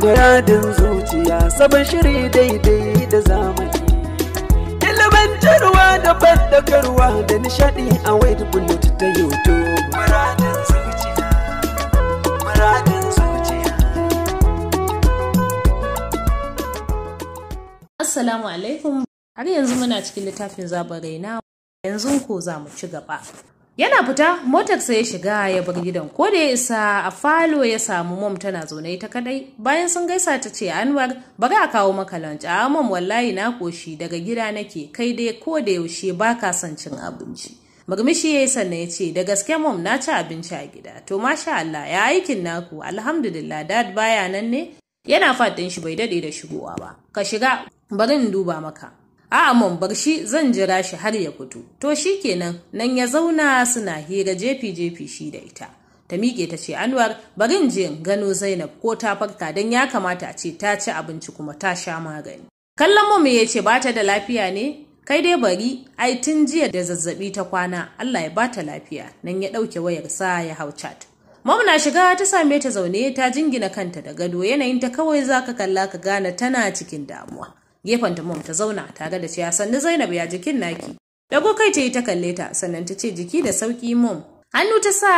Muradin zuciya sabon shiri daidai da zamani. Ilimantarwa da bandagarwa da nishadi a wade bullet ta YouTube. Muradin zuciya, muradin zuciya. Assalamu alaikum. Har yanzu muna cikin littafin zaɓin raina yanzu ko za mu ci gaba. yana fita motarsa ya shiga ya bar gidan ko da ya isa a falo ya samu mom tana zaune ta kadai bayan sun gaisa ta ce anwar bari a kawo maka lunch a mom wallahi na koshi daga gida nake kai dai ko da yaushe ba ka son cin abinci murmushi ya yi sannan ya ce da gaske mom na ci abinci a gida to masha Allah ya aikin naku alhamdulillah dad baya nan ne yana fatan shi bai dade da shigowa ba ka shiga bari in duba maka a'a mun bar shi zan jira shi har ya fito to shi kenan nan ya zauna suna hira jefi jefi shi da ita ta miƙe ta ce anwar bari in je gano zainab ko ta farka don ya kamata a ce ta ci abinci kuma ta sha magani kallon mu ya ce bata da lafiya ne kai dai bari ai tun jiya da zazzabi ta kwana allah ya bata lafiya nan ya ɗauke wayar sa ya hau chat Mom na shiga ta same ta zaune ta jingina kanta da gado yanayin ta kawai zaka kalla ka gane tana cikin damuwa. gefen ta mom ta zauna tare da cewa sannu Zainab ya jikin naki. Dago kai ta yi ta kalle ta sannan ta ce jiki da sauki mom. Hannu ta sa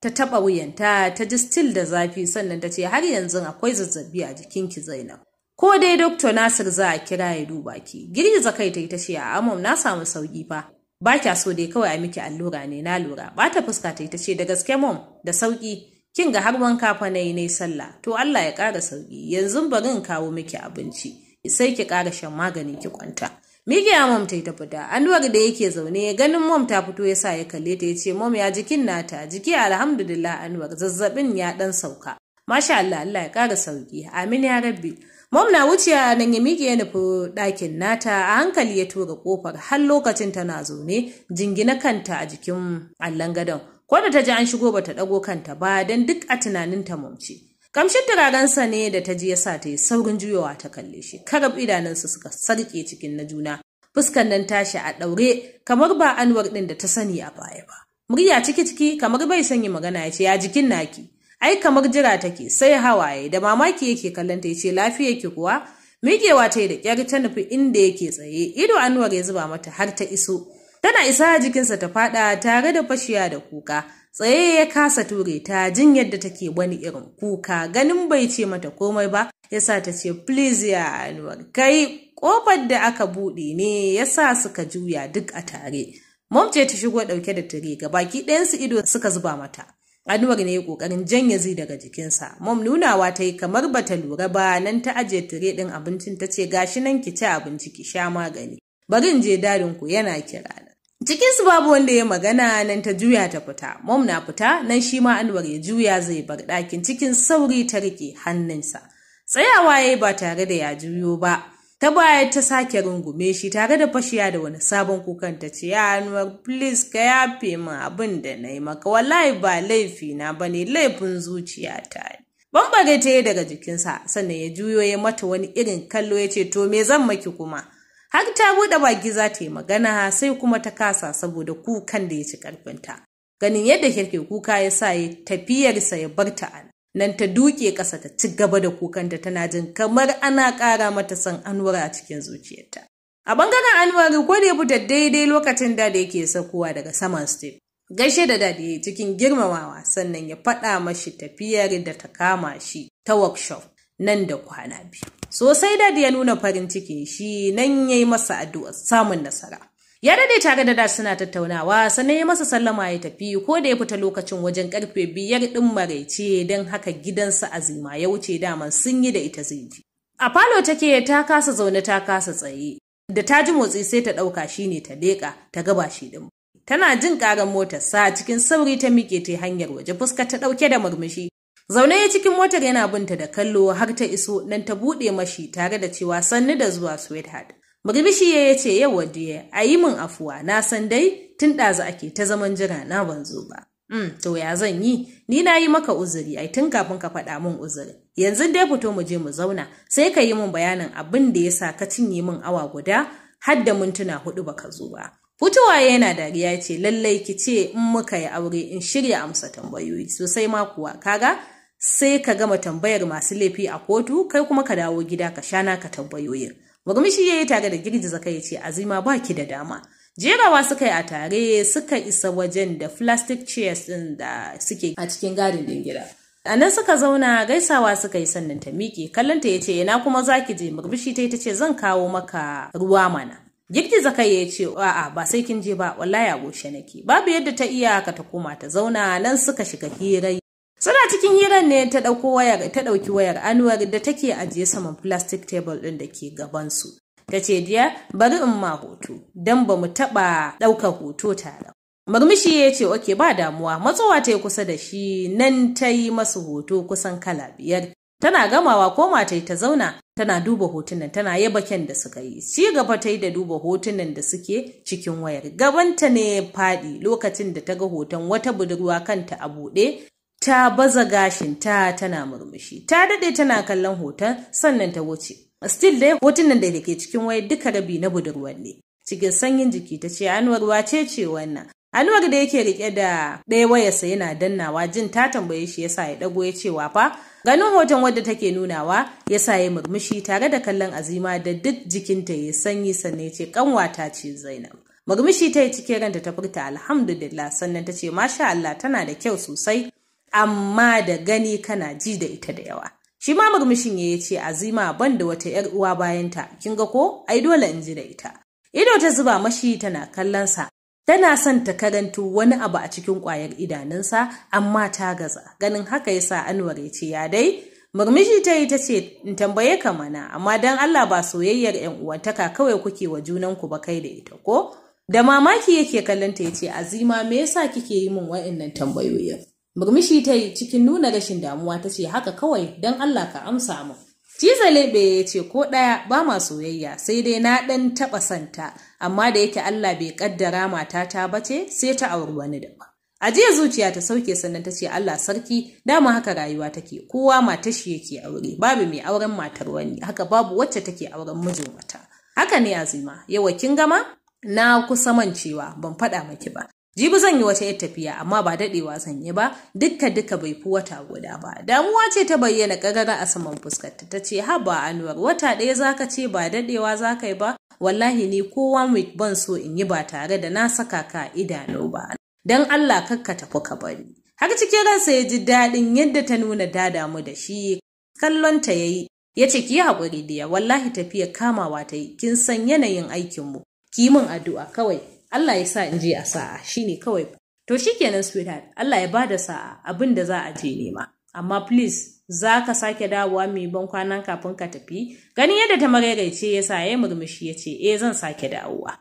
ta taba wuyanta ta ji still da zafi sannan ta ce har yanzu akwai zazzabi a jikin ki Zainab. Ko dai dokta Nasir za a kira ya duba ki. Girgiza kai ta yi ta ce a mom na samu sauki fa. Ba kya so dai kawai a miki allura ne na lura. Ba ta fuska ta yi ta ce da gaske mom da sauki kin ga har wanka fa na yi sallah to Allah ya ƙara sauki yanzu bari in kawo miki abinci sai ki ƙara shan magani ki kwanta miƙiya mom ta yi ta fita anwar da yake zaune ganin mom ta fito ya sa ya kalle ta ya ce mom ya jikin nata jiki alhamdulillah anwar zazzabin ya ɗan sauka masha Allah Allah ya ƙara sauki amin ya rabbi mom na wuciya nan ya miƙe ya nufi ɗakin nata a hankali ya tura ƙofar har lokacin tana zaune jingina kanta a jikin allon gadon ko da ta ji an shigo bata ɗago kanta ba don duk a tunaninta mom ce Kamshin turarensa ne da ta ji yasa ta yi saurin juyawa ta kalle shi, karab idanunsa suka sarƙe cikin na juna, fuskan nan tashi a ɗaure kamar ba anwar ɗin da ta sani a baya ba. Murya ciki-ciki kamar bai sanya magana ya ce, ya jikin naki, ai kamar jira take sai hawaye da mamaki yake kallon ta ya ce lafiya ki kuwa, miƙewa ta yi da ƙyar ta nufi inda yake tsaye, ido anwar ya zuba mata har ta iso. Tana isa jikinsa ta faɗa tare da fashiya da kuka, tsaye ya kasa ture ta jin yadda take wani irin kuka ganin bai ce mata komai ba yasa ta ce please ya anwar kai kofar da aka buɗe ne yasa suka juya duk a tare mom ce ta shigo ɗauke da tire ga baki ɗayansu ido suka zuba mata Anwar ne ya kokarin janye zai daga jikinsa. Mom nunawa ta yi kamar bata lura ba nan ta ajiye tire ɗin abincin ta ce gashi nan ki ci abinci ki sha magani. barin je dadin ku yana kirana su babu wanda ya magana nan ta juya ta fita, mom na fita nan shi ma Anwar ya juya zai bar ɗakin cikin sauri ta rike hannunsa. Tsayawa ya ba tare da ya juyo ba, ta baya ta sake rungume shi tare da fashiya da wani sabon kukan ta ce, ya Anwar, please ka yafe min abin da na yi maka, wallahi ba laifi na ba ne laifin zuciya ta ne. Bambare ta daga jikinsa, sannan ya juyo ya mata wani irin kallo ya ce, to me zan maki kuma? har ta buɗe baki za ta yi magana sai kuma ta kasa saboda kukan da ya ci karfinta ganin yadda kirke kuka ya sa ya tafiyarsa ya bar ta nan ta duke ƙasa ta ci gaba da kukanta tana jin kamar ana ƙara mata san anwar a cikin zuciyarta a bangaren anwar ko da ya daidai lokacin da da yake sakowa daga saman step gaishe da dadi cikin girmamawa sannan ya faɗa mashi tafiyar da ta kama shi ta workshop nan da kwana biyu sosai da ya nuna farin ciki shi nan ya yi masa addu'a samun nasara ya dade tare da da suna tattaunawa sannan ya masa sallama ya tafi ko da ya fita lokacin wajen karfe biyar ɗin maraice don haka gidansa azima ya wuce daman sun yi da ita zai a falo take ta kasa zaune ta kasa tsaye da ta ji motsi sai ta ɗauka shi ne ta leƙa ta gaba shi ɗin. Tana jin ƙaran motarsa cikin sauri ta miƙe ta hanyar waje fuska ta ɗauke da murmushi Zaune ya cikin motar yana binta da kallo har ta iso nan ta buɗe mashi tare da cewa sannu da zuwa sweetheart. Murmushi ya ce yau diye a yi min afuwa na san dai tun ɗazu ake ta zaman jira na ban zo ba. Mm, to ya zan yi ni na yi maka uzuri ai tun kafin ka faɗa min uzuri. Yanzu dai fito mu je mu zauna sai ka yi min bayanin abin da ya sa ka cinye min awa guda har da mintuna huɗu ka zo ba. Fitowa yana dariya ce lallai ki ce in muka yi aure in shirya amsa tambayoyi sosai ma kuwa kaga sai ka gama tambayar masu laifi a kotu kai kuma ka dawo gida ka sha ka tambayoyin murmushi ya yi tare da girgiza kai ya ce azima ba ki da dama jerawa suka yi a tare suka isa wajen da plastic chairs din da suke a cikin gadin din gida a nan suka zauna gaisawa suka yi sannan ta miƙe kallonta ya ce ina kuma zaki je murmushi ta yi ta ce zan kawo maka ruwa mana girgiza kai ya ce a'a ba sai kin je ba wallahi a goshe nake babu yadda ta iya ka ta koma ta zauna nan suka shiga hira suna cikin hiran ne ta ɗauko wayar ta ɗauki wayar anuwar da take ajiye saman plastic table ɗin da ke gabansu ta ce diya bari in ma hoto don ba mu taɓa ɗaukar hoto tare murmushi ya ce oke ba damuwa matsowa ta yi kusa da shi nan ta yi masu hoto kusan kala biyar tana gamawa ko ta ta zauna tana duba hotunan tana yaba kyan da suka yi ci gaba ta yi da duba hotunan da suke cikin wayar gabanta ne faɗi lokacin da ta ga hoton wata budurwa kanta a buɗe ta baza gashinta tana murmushi ta daɗe tana kallon hoton sannan ta wuce still dai nan da ke cikin waya duka rabi na budurwar ne cikin sanyin jiki ta ce anuwar wace ce wannan anuwar da yake rike da ɗaya wayarsa yana dannawa jin ta tambaye shi yasa ya ɗago ya ce fa ganin hoton wadda take nunawa ya sa ya murmushi tare da kallon azima da duk jikinta ya sanyi sannan ya ce kanwata ce zainab murmushi ta yi cikin ranta ta furta alhamdulillah sannan ta ce masha Allah tana da kyau sosai amma da gani kana ji da ita da yawa shi ma murmushin ya ce azima ban da wata yar uwa bayanta kin ga ko ai dole in ji da ita ido ta zuba mashi tana kallonsa tana son ta karantu wani abu a cikin kwayar idanunsa amma ta gaza ganin haka ya sa anwar ya ce ya dai murmushi ta yi ta ce in tambaye ka mana amma dan Allah ba soyayyar yan uwantaka kawai kuke wa junanku ba kai da ita ko da mamaki yake kallon ta ya ce azima me yasa kike yi min wa'annan tambayoyin Murmushi ta yi cikin nuna rashin damuwa ta ce haka kawai don Allah ka amsa mu. Cizalebe ya ce ko ɗaya ba ma soyayya sai dai na ɗan taɓa santa amma da yake Allah bai ƙaddara matata ba ce sai ta auri wani daban. A jiya zuciya ta sauke sannan ta ce Allah sarki dama haka rayuwa take kowa shi yake aure babu mai auren matar wani haka babu wacce take auren mijin mata Haka ne azima yawa kin gama na kusa mancewa ban faɗa maki ba Jibi zan yi wata yar tafiya amma ba daɗewa zan yi ba dukka duka bai fi wata guda ba. Damuwa ce ta bayyana ƙagara a saman fuskarta ta ce haba Anwar wata ɗaya zaka ce ba daɗewa za ka yi ba wallahi ni kowa mai ban so in yi ba tare da na saka ka idanu ba. Don Allah kakka tafi ka bari. Har cikin ransa ya ji daɗin yadda ta nuna dada mu da shi kallon ta yayi ya ce ki yi haƙuri diya wallahi tafiya kamawa ta yi kin san yanayin aikinmu ki min addu'a kawai Allah ya sa in je a sa'a shine kawai to shi shikenan sweetheart Allah ya bada sa'a abin da za a je nema amma please za ka sake dawowa mai ban kwanan kafin ka tafi ganin yadda ta maraice ya sa ya yi murmushi ya ce eh zan sake dawowa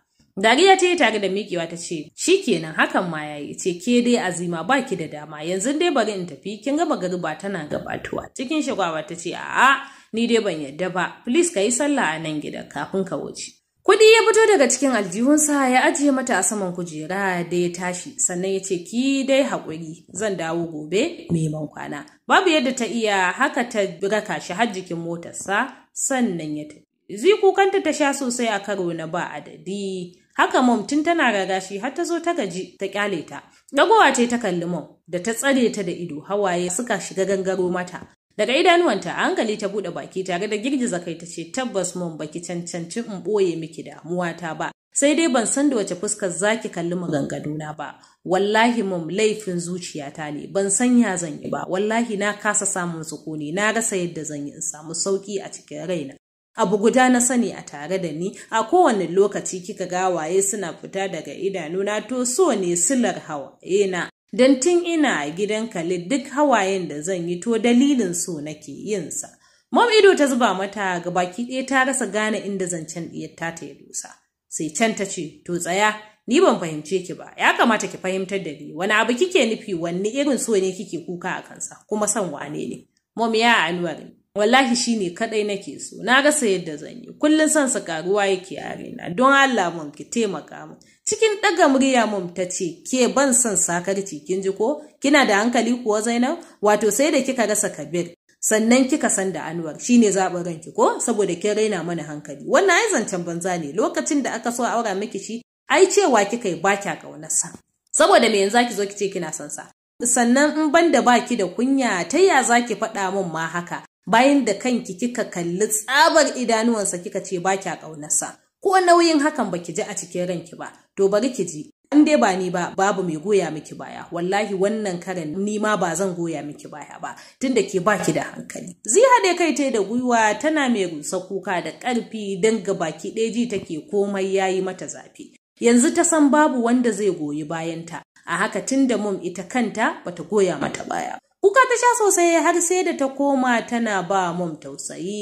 Dariya ta yi tare da miƙewa ta ce, shi kenan hakan ma ya yi, ce ke dai azima ba ki da dama, yanzu dai bari in tafi, kin gaba garba tana gabatuwa. Cikin shagwawa ta ce, a'a, ni dai ban yadda ba, please ka yi sallah a nan gidan kafin ka wuce. Kuɗi ya fito daga cikin aljihunsa ya ajiye mata a saman kujera da ya tashi sannan ya ce ki dai haƙuri zan dawo gobe neman kwana. Babu yadda ta iya haka ta raka shi har jikin motarsa sannan ya tafi. Zai kukanta ta sha sosai a karo na ba adadi. Haka mom tun tana ragashi har ta zo ta gaji ta kyale ta. Dagowa ce ta kalli mom da ta tsare ta da ido hawaye suka shiga gangaro mata. Daga idanuwanta a hankali ta buɗe baki tare da girgiza kai ta ce tabbas mun baki cancancin in boye miki damuwa ta ba. Sai dai ban san da wace fuskar zaki kalli maganganuna ba. Wallahi mum laifin zuciyata ne ban san ya zan yi ba. Wallahi na kasa samun sukuni na rasa yadda zan yi in samu sauki a cikin raina. Abu guda na sani a tare da ni, a kowane lokaci kika ga waye suna fita daga idanuna to so ne silar hawa na. Don tun ina a gidan Khalid duk hawayen da zan yi to dalilin so nake yin sa. Mom ido ta zuba mata ga baki ɗaya ta rasa gane inda zancen ɗiyarta ta ya dosa. Sai can ta ce, to tsaya, ni ban fahimce ki ba, ya kamata ki fahimtar da ni, wani abu kike nufi Wani irin so ne kike kuka a kansa, kuma son wane ne. Mom ya Anwar ne. wallahi shi ne kaɗai nake so na rasa yadda zan yi kullum son sa karuwa yake yare na. don Allah mun ki taimaka min cikin ɗaga murya mun ta ce ke ban son sakarci kin ji ko kina da hankali kuwa Zainab wato sai da kika rasa Kabir sannan kika san da Anwar shine zaɓin ranki ko saboda kin raina mana hankali wannan ai zancen banza ne lokacin da aka so a aura miki shi ai cewa kika yi baki a ƙaunarsa saboda me yanzu ki zo ki ce kina son sa sannan in ban da baki da kunya ta ya zaki faɗa min ma haka bayan da kanki kika kalli tsabar idanuwansa kika ce ba kya ƙaunarsa ko nauyin hakan baki ji a cikin ranki ba to bari ki ji in dai ba ni ba babu mai goya miki baya wallahi wannan karin ni ma ba zan goya miki baya ba tunda ke baki da hankali ziya dai kai tai da gwiwa tana mai rusa kuka da ƙarfi don ga baki ɗaya ji take komai yayi mata zafi yanzu ta san babu wanda zai goyi bayanta a haka tunda mum ita kanta bata goya mata baya Kuka ta sha sosai har sai da ta koma tana ba mom tausayi.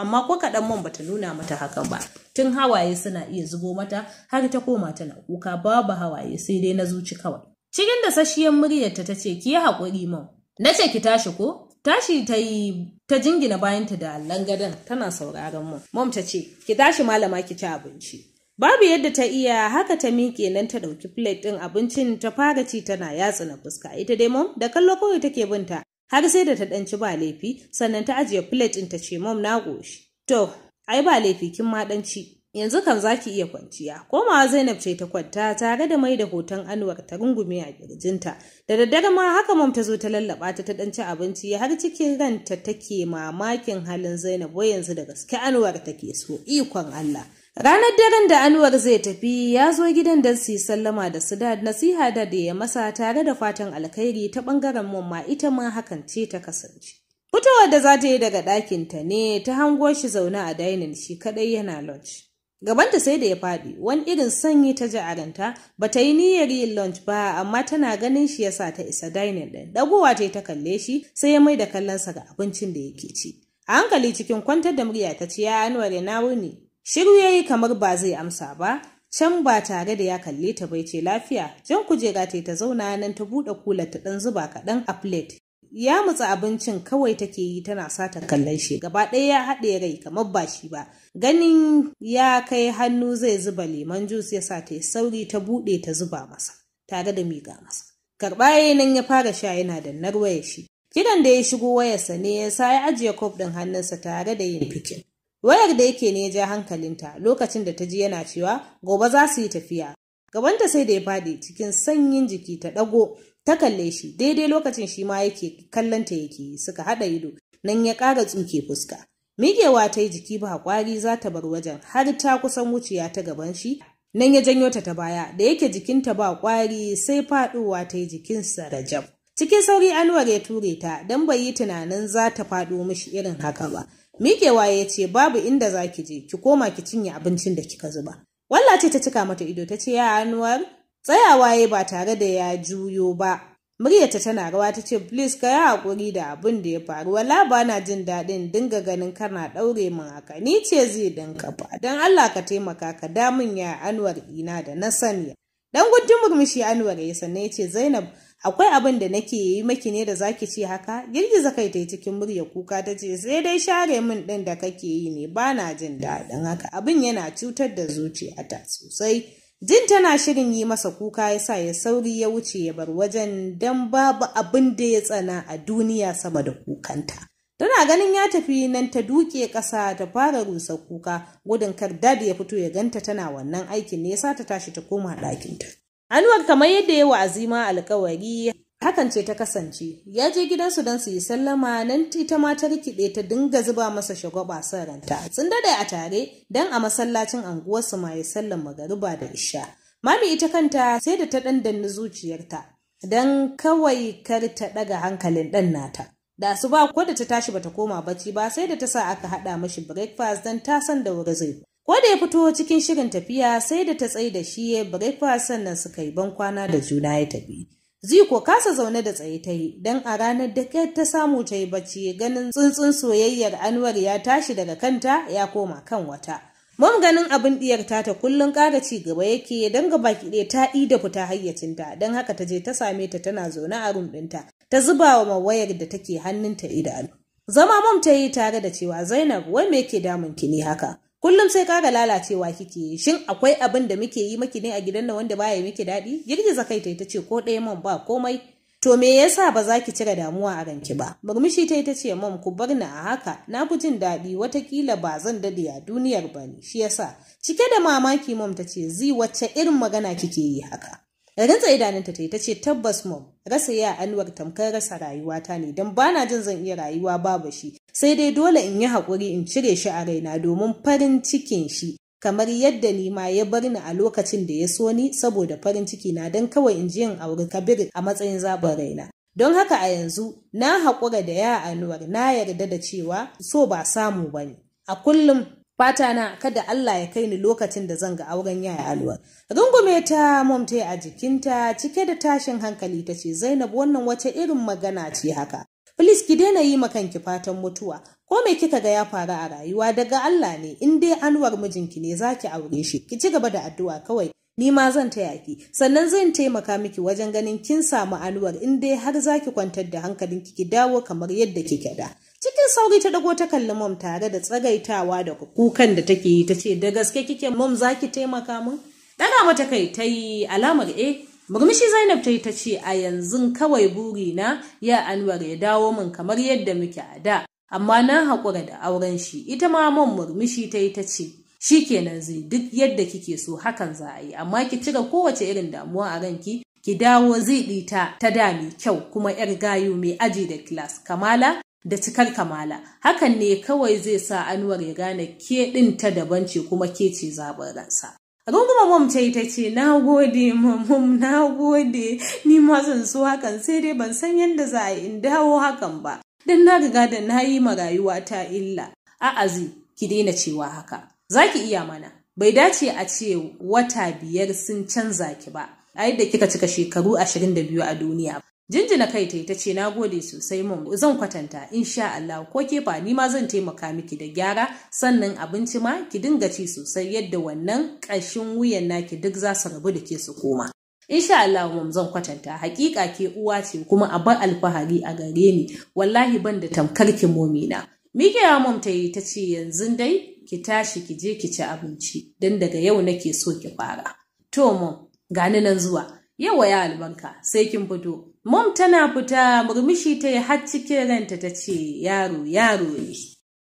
Amma ko kaɗan mom bata nuna mata hakan ba. Tun hawaye suna iya zubo mata har ta koma tana kuka babu hawaye sai dai na zuci kawai. Cikin da sashiyan muryarta ta ce ki yi haƙuri mom. Na ce ki tashi ko? tashi ta yi ta jingina bayanta da allon gadon tana sauraron mom Mom ta ce, ki tashi malama ki ci abinci. Babu yadda ta iya haka ta miƙe nan ta ɗauki plate ɗin abincin ta fara ci tana yatsa na fuska. Ita dai mom da kallo kawai take binta har sai da ta ɗan ci ba laifi sannan ta ajiye plate ɗin ta ce mom na goshi. To, ai ba laifi kin ma ɗan ci. Yanzu kan za ki iya kwanciya. Komawa Zainab ce ta kwanta tare da mai da hoton Anwar ta rungume a kirjinta. Da daddare ma haka mom ta zo ta lallaɓa ta ta ɗan ci abinci har cikin ranta take mamakin halin Zainab wai yanzu da gaske Anwar take so ikon Allah. Ranar daren da Anwar zai tafi ya zo gidan don su sallama da su da nasiha da da ya masa tare da fatan alkhairi ta ɓangaren Ma ita ma hakan ce ta kasance. Fitowar da za ta yi daga ta ne ta hango shi zaune a dainin shi kaɗai yana lunch. Gabanta sai da ya faɗi, wani irin sanyi ta ji a ba ta yi niyyar yin lunch ba, amma tana ganin shi yasa ta isa dainin ɗin. Ɗagowa ta ta kalle shi, sai ya mai da kallonsa ga abincin da yake ci. A hankali cikin kwantar da murya ta ce, ya Anwar na wuni. Shiru ya yi kamar ba zai amsa ba, can ba tare da ya kalle ta bai ce lafiya, jan kujera ta ta zauna nan ta buɗe kula ta ɗan zuba kaɗan a plate. Ya mutsa abincin kawai take yi tana sata kallon shi gaba ɗaya ya haɗe rai kamar ba shi ba. Ganin ya kai hannu zai zuba lemon jus ya sa ta yi sauri ta buɗe ta zuba masa tare da miƙa masa. Karɓa nan ya fara sha yana da narwaya shi. Kiran da ya shigo wayarsa ne ya sa ya ajiye kof ɗin hannunsa tare da yin fikin. Wayar da yake ne ya ja hankalinta lokacin da ta ji yana cewa gobe za su yi tafiya. Gabanta sai da ya faɗi cikin sanyin jiki ta ɗago ta kalle shi daidai lokacin shi ma yake kallonta yake suka haɗa ido nan ya ƙara tsuke fuska. mikewa ta yi jiki ba ƙwari za ta bar wajen har ta kusan wuciya ta gaban shi nan ya janyo ta ta baya da yake jikinta ba ƙwari sai faɗowa ta yi jikinsa rajab. Cikin sauri Anwar ya ture ta don bai yi tunanin za ta faɗo mishi irin haka ba. Miƙewa ya ce babu inda za ki je, ki koma ki cinye abincin da kika zuba. Walla ce ta cika mata ido ta ce ya Anwar, tsayawa ya ba tare da ya juyo ba. Muryarta tana rawa ta ce please ka yi haƙuri da abin da ya faru wala ba na jin daɗin dinga ganin kana ɗaure min haka ni ce zai dinka ba don Allah ka taimaka ka damun ya Anwar ina da na sanya." Dan gudun murmushi Anwar ya sannan ya ce Zainab akwai abin da nake yi maki ne da zaki ce haka girgiza kai ta yi cikin murya kuka ta ce sai dai share min ɗin da kake yi ne ba na jin daɗin haka abin yana cutar da zuciyata sosai jin tana shirin yi masa kuka ya sa ya sauri ya wuce ya bar wajen don babu abin da ya tsana a duniya sama da kukanta tana ganin ya tafi nan ta duke ƙasa ta fara rusa kuka gudun kar dad ya fito ya ganta tana wannan aikin ne ya sa ta tashi ta koma ɗakinta Anwar kamar yadda ya wa azima alkawari hakan ce ta kasance ya je gidansu don su yi sallama nan ita ma ta rikide ta dinga zuba masa shagwaba son ranta sun dade a tare don a masallacin anguwarsu ma ya sallan magariba da isha mami ita kanta sai da ta dandanna zuciyarta don kawai kar ta daga hankalin ɗan nata da su ba ko da ta tashi bata koma bacci ba sai da ta sa aka haɗa mashi breakfast don ta san da wuri zai Ko da ya fito cikin shirin tafiya sai da ta tsaye da shi ya breakfast sannan suka yi bankwana da juna ya tafi. Ziko kasa zaune da tsaye ta yi don a ranar da ta samu ta yi bacci ganin tsuntsun soyayyar Anwar ya tashi daga kanta ya koma kan wata. Mom ganin abin diyar ta kullum ƙara ci gaba yake don gaba ɗaya ta da fita hayyacinta don haka ta je ta same ta tana zaune a rum ɗinta ta zuba wa mawayar da take hannunta idanu. Zama mom ta yi tare da cewa Zainab wai me yake damun ki ne haka? kullum sai ga lalacewa kike shin akwai abin da muke yi maki ne a gidan nan wanda baya miki daɗi girgiza kai ta ce ko ɗaya man ba komai to me yasa ba za ki cire damuwa a ranki ba murmushi ta ita ce mam ku bar ni a haka na fi jin daɗi watakila ba zan dade a duniyar ba ne shi yasa cike da mamaki mam ta ce zi wacce irin magana kike yi haka rantsa idanunta ta yi ce tabbas mam rasa ya anwar tamkar rasa rayuwata ne don bana jin zan iya rayuwa babu shi sai dai dole in yi haƙuri in cire shi a raina domin farin cikin shi kamar yadda ni ma ya bar ni a lokacin da ya so ni saboda farin ciki na don kawai in ji yin auri kabir a matsayin zaɓin raina don haka a yanzu na haƙura da ya anuwar na yarda da cewa so ba samu ba ne a kullum fata na kada Allah ya kai ni lokacin da zan ga auren yaya alwar rungume ta mom a jikinta cike da tashin hankali ta ce zainab wannan wace irin magana ce haka Please ki daina yi kanki fatan mutuwa. Ko mai kika ga ya faru a rayuwa daga Allah ne in dai anuwar mijinki ne zaki aure shi. Ki ci gaba da addu'a kawai. Ni ma zan taya ki. Sannan zan taimaka miki wajen ganin kin samu anwar in dai har zaki kwantar da hankalinki ki dawo kamar yadda kike da. Cikin sauri ta dago ta kalli mom tare da tsagaitawa da kukan da take yi ta ce da gaske kike mom ki taimaka mun. ɗaga mata kai ta yi alamar eh murmushi zainab ta yi ta ce a yanzu kawai buri na ya anwar ya dawo min kamar yadda muke a da amma na haƙura da auren shi ita ma man murmushi ta yi ta ce shi kenan zai duk yadda kike so hakan za a yi amma ki cire kowace irin damuwa a ranki ki dawo zai ta ta da mai kyau kuma yar gayu mai aji da kilas kamala da cikar kamala hakan ne kawai zai sa anwar ya gane ke ɗin ta daban ce kuma ke ce zaɓin ransa kuma mom ce ita ce, Na gode, mom, na gode, ni ma zan so hakan sai dai ban san yadda za a in dawo hakan ba, don na riga da na yi ma rayuwa ta illa. A'a azi, ki daina cewa haka. Za ki iya mana, bai dace a ce wata biyar sun canza ki ba, a yadda kika cika shekaru ashirin da biyu a duniya. ba. jinjina kai ta ta ce gode sosai mun zan kwatanta insha Allah ko ke ba ni ma zan taimaka miki da gyara sannan abinci ma ki dinga ci sosai yadda wannan ƙashin wuyan naki duk za su rabu da ke su koma insha Allah mun zan kwatanta hakika ke uwa ce kuma a bar alfahari a gare ni wallahi ban da tamkar ki momina Mikiya mom ta yi ta ce yanzu dai ki tashi ki je ki ci abinci don daga yau nake so ki fara. To mun. gani nan zuwa. yawa ya albanka sai kin fito mom tana fita murmushi ta yi har cikin ranta ta ce yaro yaro ne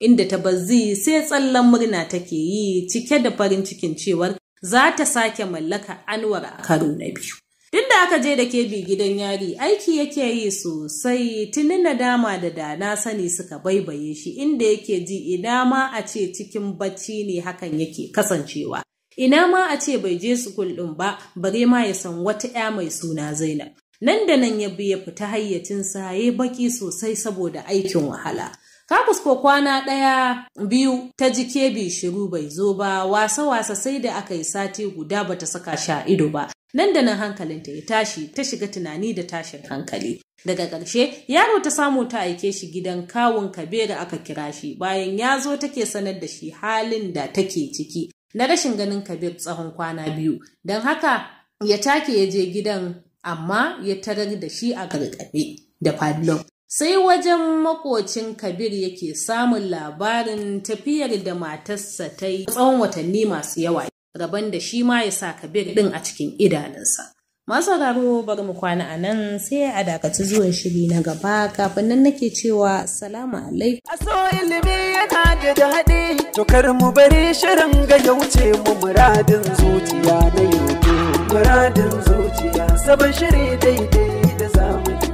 inda ta bazzi sai tsallan murna take yi cike da farin cikin cewar za ta sake mallaka anwar a karo na biyu duk da aka je da kebi gidan yari aiki yake yi sosai tuni nadama da da na sani suka baibaye shi inda yake ji ina ma a ce cikin bacci ne hakan yake kasancewa Ina ma a ce bai je sukul ɗin ba, bare ma ya san wata ‘ya mai suna Zainab. Nan da nan ya bi ya fita hayyacinsa ya yi baki sosai saboda aikin wahala. Ka ko kwana ɗaya biyu ta ji kebi shiru bai zo ba, wasa-wasa sai da aka yi sati guda ba ta saka sha ido ba. Nan da nan hankalinta ya tashi, ta shiga tunani da tashin hankali. Daga ƙarshe, yaro ta samu ta aike shi gidan kawun Kabera aka kira shi, bayan ya zo take sanar da shi halin da take ciki. na rashin ganin Kabir tsawon kwana biyu. Don haka ya take ya je gidan amma ya tarar da shi a gargaɗe da Fadlon. Sai wajen makocin Kabir yake samun labarin tafiyar da matarsa ta yi tsawon watanni masu yawa, rabon da shi ma ya sa Kabir ɗin a cikin idanunsa. masauraro bari mu kwana a nan sai a dakaci zuwan shiri na gaba kafin nan nake cewa salamu alaikum aso ilimi yana da daɗi to kar mu bari shirin ga ya wuce mu muradin zuciya na yau muradin zuciya sabon shiri daidai da zamani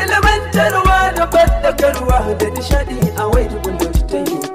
ilimantarwa da fadakarwa da nishadi a wai da ta yi